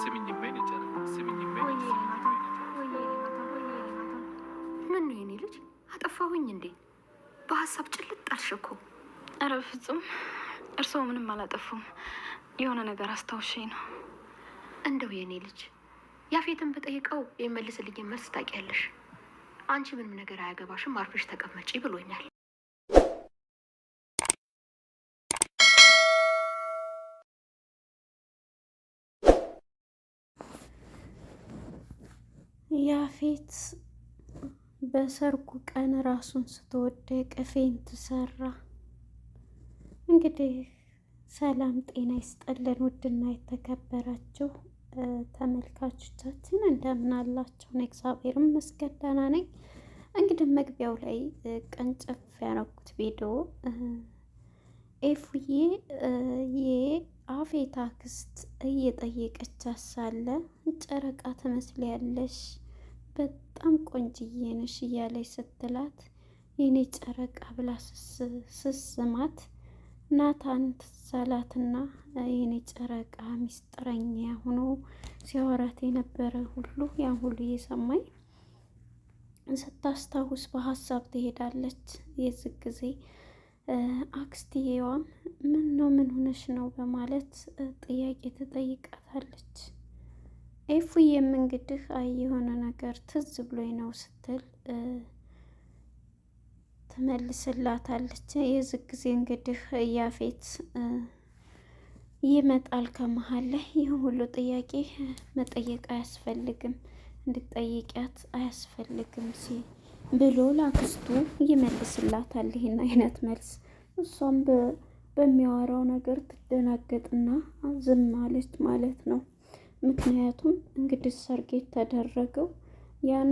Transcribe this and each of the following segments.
ስሚኝ ሜኔጀር፣ ስሚኝ ሜኔጀር። ምን ነው የኔ ልጅ አጠፋሁኝ እንዴ? በሀሳብ ጭልጥ አልሽ እኮ። ኧረ በፍጹም እርስዎ ምንም አላጠፉም። የሆነ ነገር አስታውሽኝ ነው። እንደው የኔ ልጅ ያፌትን ብጠይቀው የመልስልኝ መልስ ታውቂያለሽ። አንቺ ምንም ነገር አያገባሽም አርፈሽ ተቀመጪ ብሎኛል። ያፌት በሰርጉ ቀን ራሱን ስትወደቅ ፌንት ሰራ። እንግዲህ ሰላም ጤና ይስጠለን። ውድና የተከበራችሁ ተመልካቾቻችን እንደምን አላችሁ? እግዚአብሔር ይመስገን ደህና ነኝ። እንግዲህ መግቢያው ላይ ቀንጨፍ ያረኩት ቪዲዮ ኤፉዬ የአፌት አክስት እየጠየቀች ሳለ ጨረቃ ትመስያለሽ፣ በጣም ቆንጅዬ ነሽ እያለች ስትላት የኔ ጨረቃ ብላ ስስማት ናታን ትሳላትና የኔ ጨረቃ ሚስጥረኛ ሆኖ ሲያወራት የነበረ ሁሉ ያን ሁሉ እየሰማኝ ስታስታውስ በሀሳብ ትሄዳለች። የዚህ ጊዜ አክስትየዋም ምን ነው ምን ሆነሽ ነው በማለት ጥያቄ ትጠይቃታለች። ኤፉዬም እንግዲህ አይ የሆነ ነገር ትዝ ብሎኝ ነው ስትል ትመልስላታለች። የዚህ ጊዜ እንግዲህ ያፌት ይመጣል ከመሀል ላይ። ይህን ሁሉ ጥያቄ መጠየቅ አያስፈልግም እንድትጠይቂያት አያስፈልግም ሲ ብሎ ላክስቱ ይመልስላታል ይህን አይነት መልስ። እሷም በሚያወራው ነገር ትደናገጥና ዝም አለች ማለት ነው። ምክንያቱም እንግዲህ ሰርግ የተደረገው ያን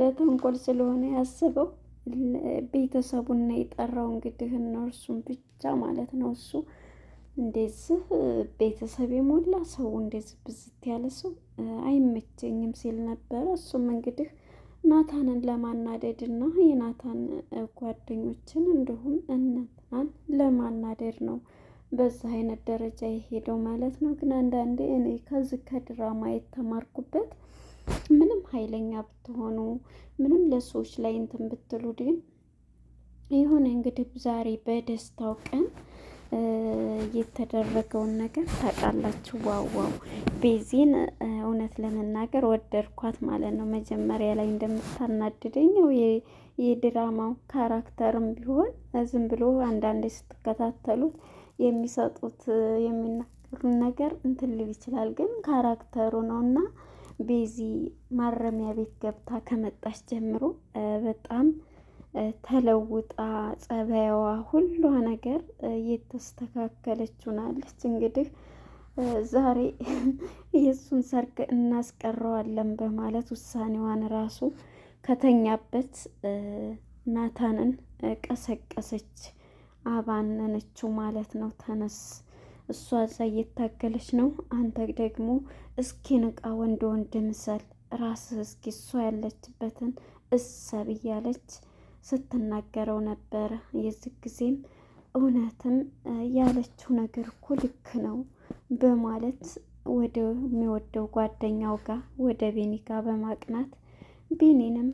ለተንኮል ስለሆነ ያሰበው ቤተሰቡና የጠራው። እንግዲህ እነርሱን ብቻ ማለት ነው። እሱ እንደዚህ ቤተሰብ የሞላ ሰው እንደዚህ ብዝት ያለ ሰው አይመቸኝም ሲል ነበረ። እሱም እንግዲህ ናታንን ለማናደድ እና የናታን ጓደኞችን እንዲሁም እናትናን ለማናደድ ነው በዛ አይነት ደረጃ የሄደው ማለት ነው። ግን አንዳንዴ እኔ ከዚህ ከድራማ የተማርኩበት ምንም ኃይለኛ ብትሆኑ ምንም ለሰዎች ላይ እንትን ብትሉ ግን ይሁን እንግዲህ ዛሬ በደስታው ቀን የተደረገውን ነገር ታውቃላችሁ። ዋዋው ቤዚን እውነት ለመናገር ወደድኳት ማለት ነው። መጀመሪያ ላይ እንደምታናድደኝ ያው የድራማው ካራክተርም ቢሆን ዝም ብሎ አንዳንዴ ስትከታተሉት የሚሰጡት የሚናገሩን ነገር እንትን ሊል ይችላል፣ ግን ካራክተሩ ነው እና ቤዚ ማረሚያ ቤት ገብታ ከመጣች ጀምሮ በጣም ተለውጣ ጸባይዋ፣ ሁሏ ነገር እየተስተካከለች ሆናለች። እንግዲህ ዛሬ የእሱን ሰርግ እናስቀረዋለን በማለት ውሳኔዋን ራሱ ከተኛበት ናታንን ቀሰቀሰች። አባነነችው ማለት ነው። ተነስ እሷ እዛ እየታገለች ነው፣ አንተ ደግሞ እስኪ ንቃ፣ ወንድ ወንድ ምሰል ራስህ እስኪ እሷ ያለችበትን እሰብ እያለች ስትናገረው ነበረ። የዚህ ጊዜም እውነትም ያለችው ነገር እኮ ልክ ነው በማለት ወደ የሚወደው ጓደኛው ጋር ወደ ቤኒ ጋር በማቅናት ቤኒንም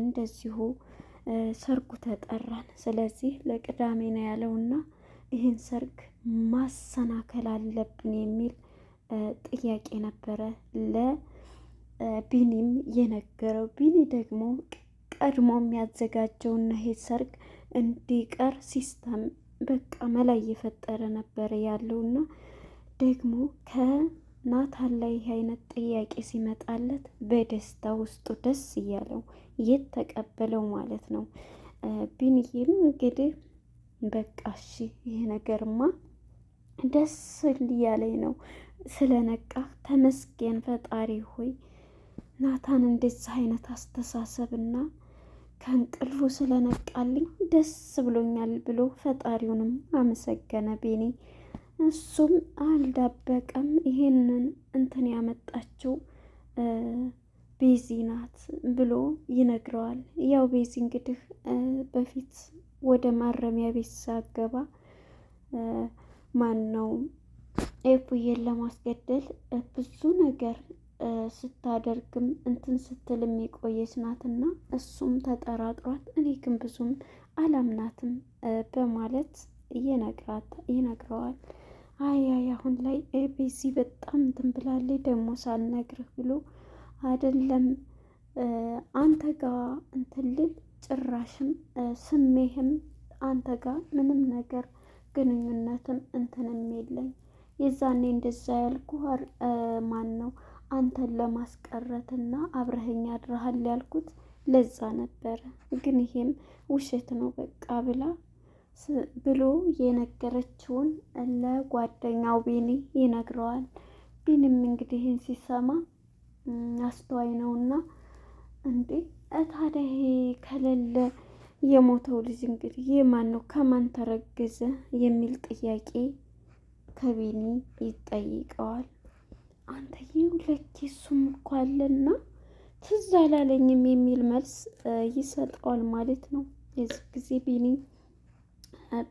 እንደዚሁ ሰርጉ ተጠራን፣ ስለዚህ ለቅዳሜ ነው ያለውና ይህን ሰርግ ማሰናከል አለብን የሚል ጥያቄ ነበረ ለቢኒም የነገረው። ቢኒ ደግሞ ቀድሞ የሚያዘጋጀውና ይሄ ሰርግ እንዲቀር ሲስተም በቃ መላይ እየፈጠረ ነበረ ያለውና ደግሞ ከናታን ላይ ይህ አይነት ጥያቄ ሲመጣለት በደስታ ውስጡ ደስ እያለው ተቀበለው ማለት ነው። ቢንዬም እንግዲህ በቃ እሺ ይሄ ነገርማ ደስ እያለኝ ነው ስለነቃ ተመስገን ፈጣሪ ሆይ ናታን እንደዚህ አይነት አስተሳሰብና ከእንቅልፉ ስለነቃልኝ ደስ ብሎኛል ብሎ ፈጣሪውንም አመሰገነ ቤኒ። እሱም አልዳበቀም። ይሄንን እንትን ያመጣችው ቤዚ ናት ብሎ ይነግረዋል። ያው ቤዚ እንግዲህ በፊት ወደ ማረሚያ ቤት ሳገባ ማን ነው ኤፉዬን ለማስገደል ብዙ ነገር ስታደርግም እንትን ስትል የቆየች ናትና እሱም ተጠራጥሯት እኔ ግን ብዙም አላምናትም በማለት ይነግረዋል። አያ አሁን ላይ ቤዚ በጣም እንትን ብላለች ደግሞ ሳልነግርህ ብሎ አይደለም አንተ ጋ እንትልል ጭራሽም ስሜህም አንተ ጋ ምንም ነገር ግንኙነትም እንትንም የለኝ። የዛኔ እንደዛ ያልኩ ማን ነው አንተን ለማስቀረትና አብረኸኝ አድረሃል ያልኩት ለዛ ነበረ። ግን ይሄም ውሸት ነው በቃ ብላ ብሎ የነገረችውን ለጓደኛው ቢኒ ይነግረዋል። ቢኒም እንግዲህን ሲሰማ አስተዋይ እና እንዴ ታዲያ ይሄ ከሌለ የሞተው ልጅ እንግዲህ ይህ ማን ነው ከማን ተረገዘ የሚል ጥያቄ ከቢኒ ይጠይቀዋል። ይህ ለኬ እሱም እኮ አለና ትዝ አላለኝም የሚል መልስ ይሰጠዋል ማለት ነው። የዚህ ጊዜ ቢኒ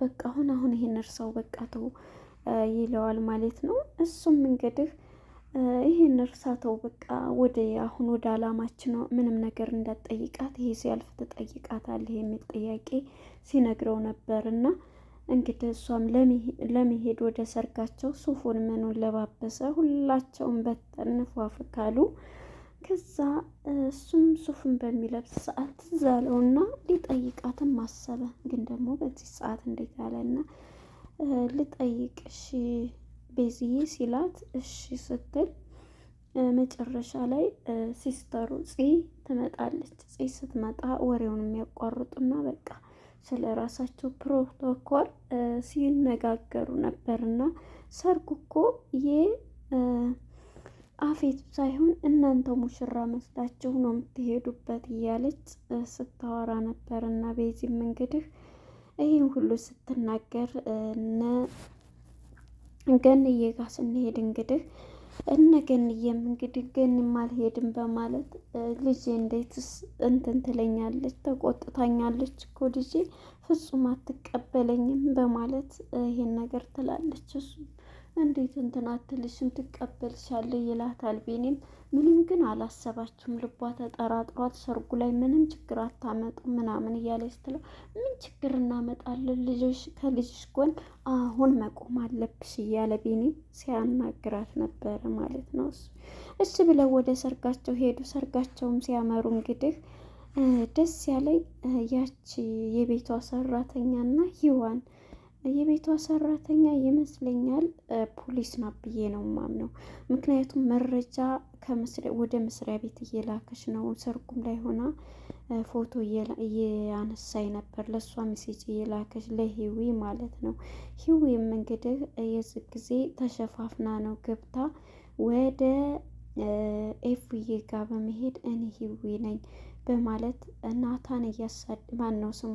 በቃ አሁን አሁን ይሄን እርሰው በቃ ተው ይለዋል ማለት ነው። እሱም እንግዲህ ይህን እርሳተው በቃ ወደ አሁን ወደ አላማችን ነው። ምንም ነገር እንዳትጠይቃት ይሄ ሲያልፍ ትጠይቃታለህ የሚል ጥያቄ ሲነግረው ነበር እና እንግዲህ እሷም ለመሄድ ወደ ሰርጋቸው ሱፉን ምኑን ለባበሰ ሁላቸውም በተንፏፍካሉ። ከዛ እሱም ሱፉን በሚለብስ ሰዓት ዛለው አለውና ሊጠይቃትም አሰበ። ግን ደግሞ በዚህ ሰዓት እንዴት አለና ልጠይቅሽ ቤዝዬ ሲላት እሺ ስትል መጨረሻ ላይ ሲስተሩ ፂ ትመጣለች። ፂ ስትመጣ ወሬውን የሚያቋርጡና በቃ ስለ ራሳቸው ፕሮቶኮል ሲነጋገሩ ነበርና ሰርጉ እኮ የአፌት ሳይሆን እናንተ ሙሽራ መስላችሁ ነው የምትሄዱበት እያለች ስታወራ ነበር እና ቤዚም እንግዲህ ይህን ሁሉ ስትናገር እነ ገንዬ ጋር ስንሄድ እንግዲህ እነ ገንዬም እንግዲህ ገንም አልሄድም በማለት ልጄ እንዴትስ እንትን ትለኛለች፣ ተቆጥታኛለች እኮ ልጄ ፍጹም አትቀበለኝም በማለት ይሄን ነገር ትላለች። እሱ እንዴት እንትን አትልሽም ትቀበልሻለህ ይላታል ቢኒም ምንም ግን አላሰባችም። ልቧ ተጠራጥሯት ሰርጉ ላይ ምንም ችግር አታመጡ ምናምን እያለ ስትለው ምን ችግር እናመጣለን ልጆች ከልጅሽ ጎን አሁን መቆም አለብሽ እያለ ቢኒ ሲያናግራት ነበረ ማለት ነው። እሱ እሺ ብለው ወደ ሰርጋቸው ሄዱ። ሰርጋቸውም ሲያመሩ እንግዲህ ደስ ያለኝ ያቺ የቤቷ ሰራተኛና ሂዋን የቤቷ ሰራተኛ ይመስለኛል ፖሊስ ናት ብዬ ነው ማምነው። ምክንያቱም መረጃ ወደ መስሪያ ቤት እየላከች ነው። ሰርጉም ላይ ሆና ፎቶ እያነሳኝ ነበር፣ ለእሷ ሜሴጅ እየላከች ለሂዊ ማለት ነው። ሂዊም እንግዲህ የዚ ጊዜ ተሸፋፍና ነው ገብታ ወደ ኤፍዬ ጋር በመሄድ እኔ ሂዊ ነኝ በማለት እናታን እያሳድ ማን ነው ስሙ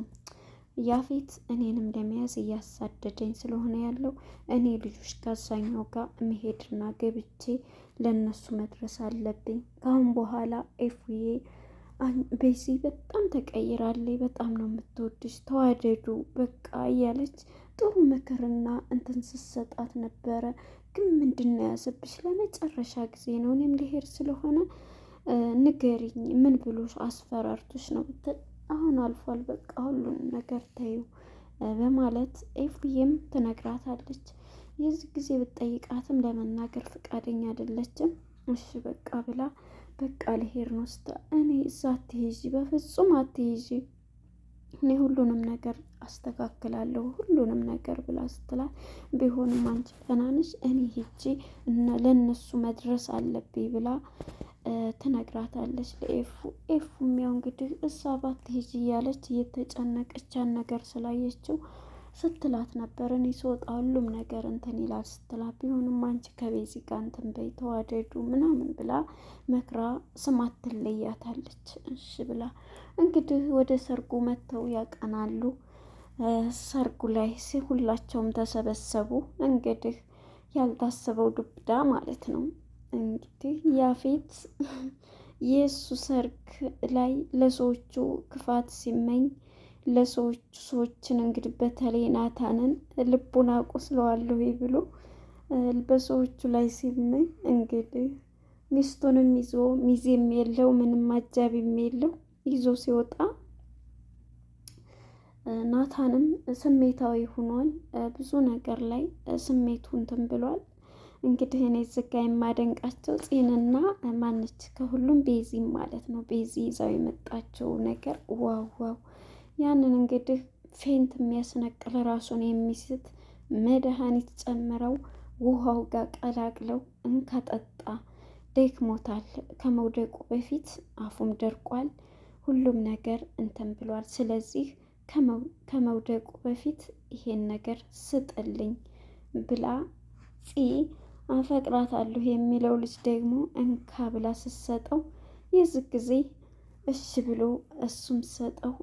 ያፌት እኔንም ለመያዝ እያሳደደኝ ስለሆነ ያለው እኔ ልጆች ከአብዛኛው ጋር መሄድና ገብቼ ለእነሱ መድረስ አለብኝ። ካሁን በኋላ ኤፍዬ በዚህ በጣም ተቀይራለች፣ በጣም ነው የምትወድሽ፣ ተዋደዱ በቃ እያለች ጥሩ ምክርና እንትን ስትሰጣት ነበረ። ግን ምንድን ነው ያዘብሽ? ለመጨረሻ ጊዜ ነው እኔም ልሄድ ስለሆነ ንገሪኝ። ምን ብሎ አስፈራርቶሽ ነው? አሁን አልፏል፣ በቃ ሁሉን ነገር ተዩ በማለት ኤፍዬም ትነግራታለች። የዚህ ጊዜ ብትጠይቃትም ለመናገር ፈቃደኛ አይደለችም። እሺ በቃ ብላ በቃ ልሄድ ነው ስታ እኔ እዛ አትሄጂ፣ በፍጹም አትሄጂ፣ እኔ ሁሉንም ነገር አስተካክላለሁ ሁሉንም ነገር ብላ ስትላት፣ ቢሆንም አንቺ ገና ነሽ፣ እኔ ሄጄ ለእነሱ መድረስ አለብኝ ብላ ትነግራታለች ለኤፉ። ኤፉም ያው እንግዲህ እሷ ባትሄጂ እያለች እየተጨነቀቻን ነገር ስላየችው ስትላት ነበር። እኔ ስወጣ ሁሉም ነገር እንትን ይላል ስትላት፣ ቢሆንም አንቺ ከቤዚ ጋር እንትን በይ ተዋደዱ ምናምን ብላ መክራ ስማት ትለያታለች። እሺ ብላ እንግዲህ ወደ ሰርጉ መጥተው ያቀናሉ። ሰርጉ ላይ ሲሁላቸውም ተሰበሰቡ። እንግዲህ ያልታሰበው ዱብዳ ማለት ነው። እንግዲህ ያፌት የእሱ ሰርግ ላይ ለሰዎቹ ክፋት ሲመኝ ለሰዎቹ ሰዎችን እንግዲህ በተለይ ናታንን ልቡን አቆስለዋለሁ ብሎ በሰዎቹ ላይ ሲመኝ እንግዲህ ሚስቱንም ይዞ ሚዜም የለው ምንም አጃቢም የለው ይዞ ሲወጣ ናታንም ስሜታዊ ሆኗል። ብዙ ነገር ላይ ስሜቱ እንትን ብሏል። እንግዲህ እኔ እዚህ የማደንቃቸው ፂንና ማነች ከሁሉም ቤዚ ማለት ነው። ቤዚ ይዛው የመጣቸው ነገር ዋዋው ያንን እንግዲህ ፌንት የሚያስነቅል ራሱን የሚስት መድኃኒት ጨምረው ውሃው ጋር ቀላቅለው እንከጠጣ ደክሞታል። ከመውደቁ በፊት አፉም ደርቋል። ሁሉም ነገር እንትን ብሏል። ስለዚህ ከመውደቁ በፊት ይሄን ነገር ስጥልኝ ብላ ፂ አፈቅራታለሁ የሚለው ልጅ ደግሞ እንካ ብላ ስትሰጠው የዚህ ጊዜ እሺ ብሎ እሱም ሰጠው።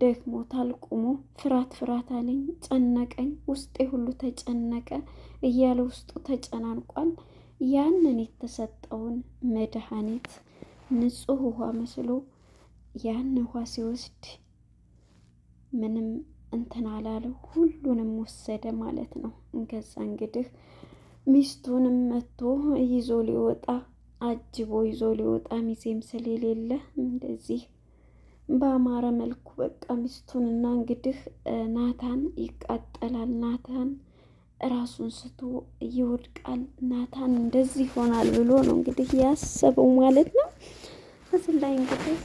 ደክሞታል። ቁሞ ፍርሃት ፍርሃት አለኝ፣ ጨነቀኝ፣ ውስጤ ሁሉ ተጨነቀ እያለ ውስጡ ተጨናንቋል። ያንን የተሰጠውን መድኃኒት ንጹህ ውሃ መስሎ ያን ውሃ ሲወስድ ምንም እንትን አላለው፣ ሁሉንም ወሰደ ማለት ነው። እንገዛ እንግዲህ ሚስቱንም መቶ ይዞ ሊወጣ አጅቦ ይዞ ሊወጣ ሚዜም ስለሌለ እንደዚህ በአማረ መልኩ በቃ ሚስቱንና እንግዲህ ናታን ይቃጠላል። ናታን ራሱን ስቶ ይወድቃል። ናታን እንደዚህ ይሆናል ብሎ ነው እንግዲህ ያሰበው ማለት ነው። እዚህ ላይ እንግዲህ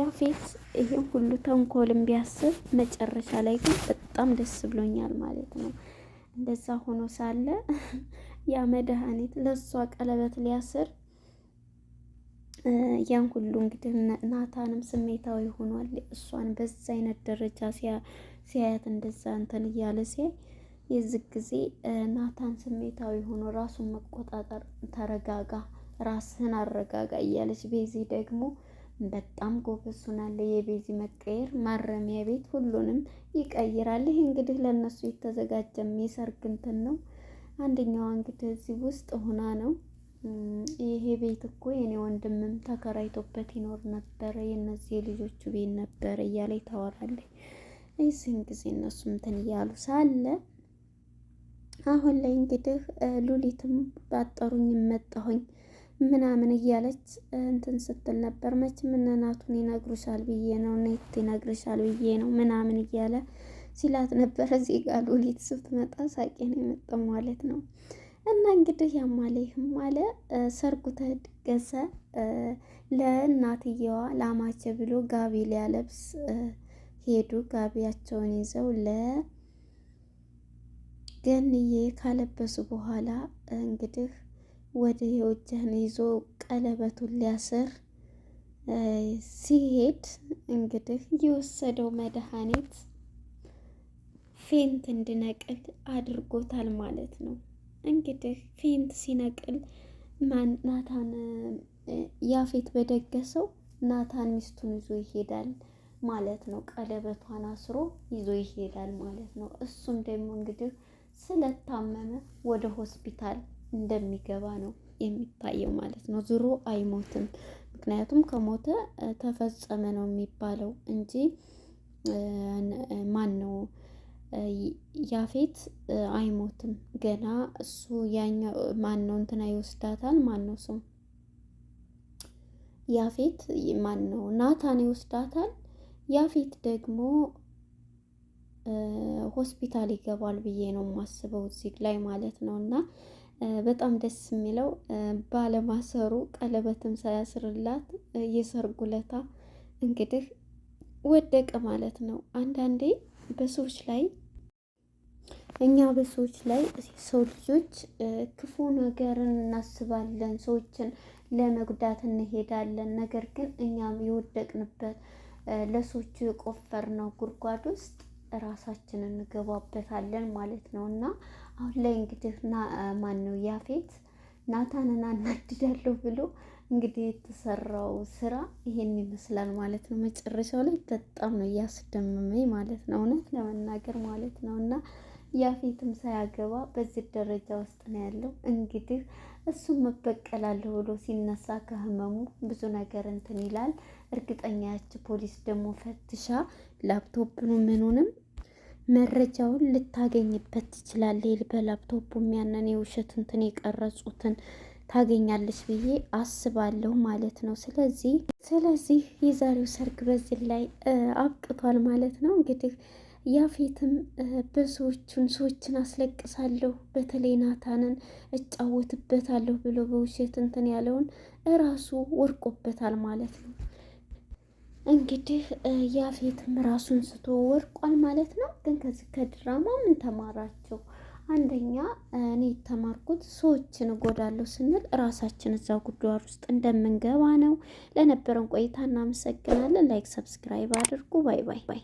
ያፌት ይህም ሁሉ ተንኮልም ቢያስብ መጨረሻ ላይ ግን በጣም ደስ ብሎኛል ማለት ነው። እንደዛ ሆኖ ሳለ ያ መድኃኒት ለእሷ ቀለበት ሊያስር ያን ሁሉ እንግዲህ ናታንም ስሜታዊ ሆኗል። እሷን በዛ አይነት ደረጃ ሲያያት እንደዛ እንትን እያለ ሲያይ የዚህ ጊዜ ናታን ስሜታዊ ሆኖ ራሱን መቆጣጠር፣ ተረጋጋ፣ ራስህን አረጋጋ እያለች ቤዚ ደግሞ በጣም ጎበዝ ሆናለ። የቤዚ መቀየር ማረሚያ ቤት ሁሉንም ይቀይራል። ይህ እንግዲህ ለእነሱ የተዘጋጀ የሰርግ እንትን ነው። አንደኛዋ እንግዲህ እዚህ ውስጥ ሆና ነው። ይሄ ቤት እኮ የኔ ወንድምም ተከራይቶበት ይኖር ነበረ፣ የነዚህ የልጆቹ ቤት ነበረ እያለ ታወራለች። ይህን ጊዜ እነሱ እንትን እያሉ ሳለ አሁን ላይ እንግዲህ ሉሊትም ባጠሩኝ መጣሁኝ ምናምን እያለች እንትን ስትል ነበር። መቼም እነ ይነግሩሻል ብዬ ነው ኔት ይነግርሻል ብዬ ነው ምናምን እያለ ሲላት ነበር። እዚህ ጋር ሉሊት ስትመጣ ሳቄ ነው የመጣው ማለት ነው። እና እንግዲህ ያማለይህም አለ ሰርጉ ተደገሰ። ለእናትየዋ ላማቸ ብሎ ጋቢ ሊያለብስ ሄዱ። ጋቢያቸውን ይዘው ለገንዬ ካለበሱ በኋላ እንግዲህ ወደ የውጃን ይዞ ቀለበቱን ሊያስር ሲሄድ እንግዲህ የወሰደው መድኃኒት ፌንት እንዲነቅል አድርጎታል ማለት ነው። እንግዲህ ፌንት ሲነቅል ናታን ያፌት በደገሰው ናታን ሚስቱን ይዞ ይሄዳል ማለት ነው። ቀለበቷን አስሮ ይዞ ይሄዳል ማለት ነው። እሱም ደግሞ እንግዲህ ስለታመመ ወደ ሆስፒታል እንደሚገባ ነው የሚታየው ማለት ነው። ዝሮ አይሞትም። ምክንያቱም ከሞተ ተፈጸመ ነው የሚባለው እንጂ ማን ነው ያፌት አይሞትም። ገና እሱ ያኛው ማን ነው እንትና ይወስዳታል። ማን ነው ስሙ ያፌት ማን ነው ናታን ይወስዳታል። ያፌት ደግሞ ሆስፒታል ይገባል ብዬ ነው የማስበው እዚህ ላይ ማለት ነው እና በጣም ደስ የሚለው ባለማሰሩ ቀለበትም ሳያስርላት የሰርጉ ለታ እንግዲህ ወደቀ ማለት ነው። አንዳንዴ በሰዎች ላይ እኛ በሰዎች ላይ ሰው ልጆች ክፉ ነገርን እናስባለን፣ ሰዎችን ለመጉዳት እንሄዳለን። ነገር ግን እኛም የወደቅንበት ለሰዎቹ የቆፈርነው ጉድጓድ ውስጥ ራሳችንን እንገባበታለን ማለት ነው እና አሁን ላይ እንግዲህ ማን ነው ያፌት ናታንን አናድዳለሁ ብሎ እንግዲህ የተሰራው ስራ ይሄን ይመስላል ማለት ነው። መጨረሻው ላይ በጣም ነው እያስደመመኝ ማለት ነው፣ እውነት ለመናገር ማለት ነው። እና ያፌትም ሳያገባ በዚህ ደረጃ ውስጥ ነው ያለው። እንግዲህ እሱም መበቀላለሁ ብሎ ሲነሳ ከህመሙ ብዙ ነገር እንትን ይላል። እርግጠኛ ያች ፖሊስ ደግሞ ፈትሻ ላፕቶፕ ነው ምኑንም መረጃውን ልታገኝበት ትችላለህ። በላፕቶፑም ያንን የውሸት እንትን የቀረጹትን ታገኛለች ብዬ አስባለሁ ማለት ነው። ስለዚህ ስለዚህ የዛሬው ሰርግ በዚህ ላይ አብቅቷል ማለት ነው። እንግዲህ ያፌትም ብዙዎቹን ሰዎችን አስለቅሳለሁ፣ በተለይ ናታንን እጫወትበታለሁ ብሎ በውሸት እንትን ያለውን እራሱ ወርቆበታል ማለት ነው። እንግዲህ ያፌትም ራሱን ስቶ ወርቋል ማለት ነው። ግን ከዚህ ከድራማ ምን ተማራችሁ? አንደኛ እኔ የተማርኩት ሰዎችን እጎዳለሁ ስንል ራሳችን እዛ ጉድጓድ ውስጥ እንደምንገባ ነው። ለነበረን ቆይታ እናመሰግናለን። ላይክ፣ ሰብስክራይብ አድርጉ። ባይ ባይ ባይ